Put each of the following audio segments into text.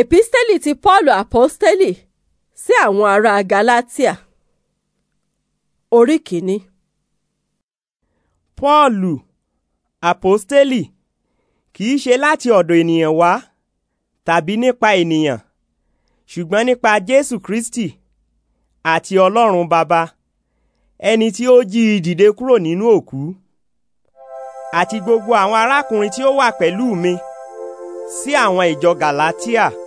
èpísítẹ́lì ti paul àpọ́stẹ́lì sí àwọn ará galatia orí kìíní. paul àpọ́stẹ́lì kìí ṣe láti ọ̀dọ̀ ènìyàn wá tàbí nípa ènìyàn ṣùgbọ́n nípa jésù kristi àti ọlọ́run bàbá ẹni tí ó jí i dìde kúrò nínú òkú àti gbogbo àwọn arákùnrin tí ó wà pẹ̀lú mi sí àwọn ìjọ galatia. Si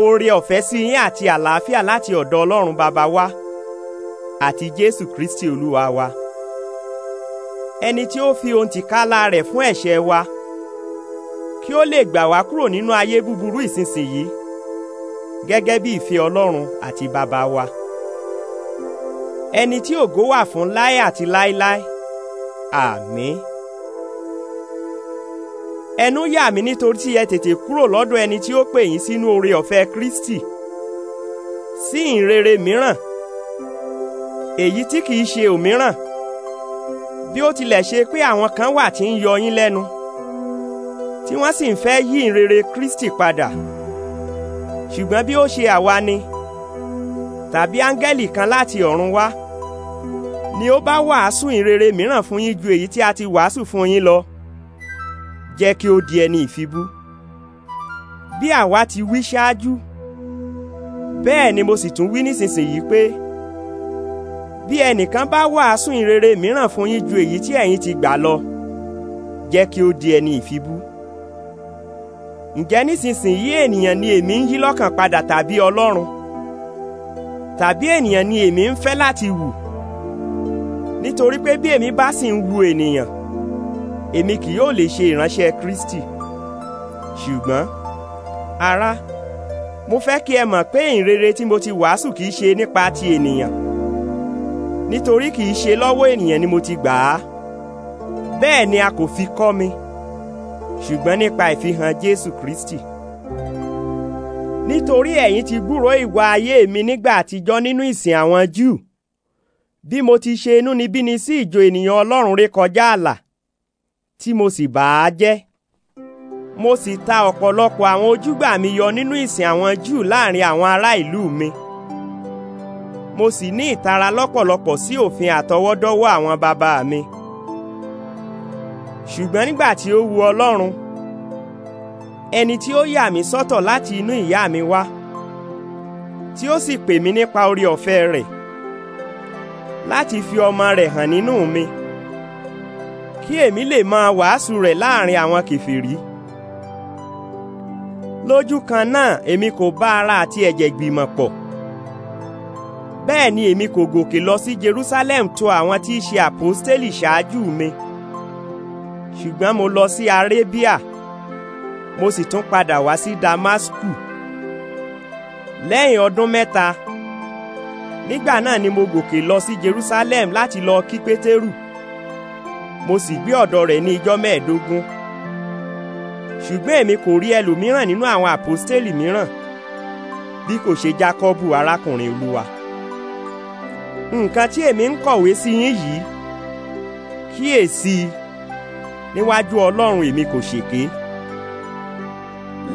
oore ọ̀fẹ́ sí yín àti àlàáfíà láti ọ̀dọ̀ ọlọ́run bàbá wa àti jésù kristi olúwa wa ẹni tí ó fi ohun tìkálà rẹ̀ fún ẹ̀ṣẹ̀ wa kí ó lè gbà wá kúrò nínú ayé búburú ìsinsìnyí gẹ́gẹ́ bí ìfẹ́ ọlọ́run àti bàbá wa ẹni tí ògo wà fún láé àti láéláé àmín. Ah, ẹnu yà mí nítorí tí ẹ tètè kúrò lọ́dọ̀ ẹni tí ó pè yín sínú oore ọ̀fẹ́ Kristi sí ìrere mìíràn èyí tí kìí ṣe òmíràn bí ó tilẹ̀ ṣe pé àwọn kan wà tí ń yọ yín lẹ́nu tí wọ́n sì ń fẹ́ yí ìrere Kristi padà ṣùgbọ́n bí ó ṣe àwa ni tàbí áńgẹ́lì kan láti ọ̀run wá ni ó bá wàásù ìrere mìíràn fún yín ju èyí tí a ti wàásù fún yín lọ jẹ́ kí ó di ẹni ìfibú. Bí àwa ti wí ṣáájú, bẹ́ẹ̀ ni mo sì tún wí nísinsìnyí pé bí ẹnìkan bá wàásù ìrere mìíràn fún yín ju èyí tí ẹ̀yin ti gbà lọ jẹ́ kí ó di ẹni ìfibú. Ǹjẹ́ nísinsìnyí ènìyàn ni èmi ń yí lọ́kàn padà tàbí Ọlọ́run? Tàbí ènìyàn ni èmi ń fẹ́ láti wù? Nítorí pé bí èmi bá sì ń wu ènìyàn, èmi kì yóò lè ṣe ìránṣẹ́ Kristi ṣùgbọ́n ará mo fẹ́ kí ẹ mọ̀ pé ìrere tí mo ti wàásù kìí ṣe nípa ti ènìyàn nítorí kìí ṣe lọ́wọ́ ènìyàn ni mo ti gbà á bẹ́ẹ̀ ni a kò fi kọ́ mi ṣùgbọ́n nípa ìfihàn Jésù Kristi nítorí ẹ̀yin ti gbúròó ìwà ayé mi nígbà àtijọ́ nínú ìsìn àwọn Júù bí mo ti ṣe inúnibíni sí ìjọ ènìyàn Ọlọ́run rékọjá ààlà tí mo sì bà á jẹ́ mo sì ta ọ̀pọ̀lọpọ̀ àwọn ojúgbà mi yọ nínú ìsìn àwọn Júù láàrin àwọn ará ìlú mi mo sì ní ìtara lọ́pọ̀lọpọ̀ sí òfin àtọwọ́dọ́wọ́ àwọn bàbá mi ṣùgbọ́n nígbà tí ó wu Ọlọ́run ẹni tí ó yà mí sọ́tọ̀ láti inú ìyá mi wá tí ó sì pè mí nípa oore ọ̀fẹ́ rẹ̀ láti fi ọmọ rẹ̀ hàn nínú mi. No kí èmi lè máa wàásù rẹ̀ láàrin àwọn kèfèrí lójú kan náà èmi kò bá ara àti ẹ̀jẹ̀ gbìmọ̀ pọ̀ bẹ́ẹ̀ ni èmi kò gòkè lọ sí Jerusalem tó àwọn tí í ṣe àpọ́stélì ṣáájú mi ṣùgbọ́n mo lọ sí Arabia mo sì tún padà wá sí Damasku lẹ́yìn ọdún mẹ́ta nígbà náà ni mo gòkè lọ sí Jerusalem láti lọ kí Pétérù mo sì gbé ọ̀dọ̀ rẹ̀ ní ijọ́ mẹ́ẹ̀ẹ́dógún ṣùgbọ́n èmi kò rí ẹlòmíràn nínú àwọn àpọ́stélì mìíràn bí kò ṣe Jákọ́bù arákùnrin Olúwa nǹkan tí èmi ń kọ̀wé sí yín yìí kíyèsí níwájú Ọlọ́run èmi kò ṣèké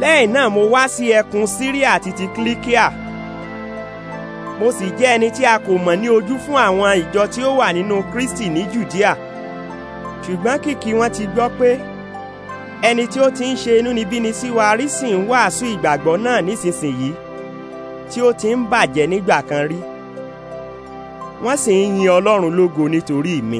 lẹ́yìn náà mo wá sí ẹkùn Síríà àti ti Kílíkíà mo sì jẹ́ ẹni tí a kò mọ̀ ní ojú fún àwọn ìjọ tí ó wà nínú Kristi ní Jùdíà ṣùgbọ́n kìkì wọn ti gbọ́ pé ẹni tí ó ti ń ṣe inúnibíni sí wa rí sì ń wàásù ìgbàgbọ́ náà nísinsìnyí tí ó ti ń bàjẹ́ nígbà kan rí wọ́n sì ń yin Ọlọ́run lógo nítorí mi.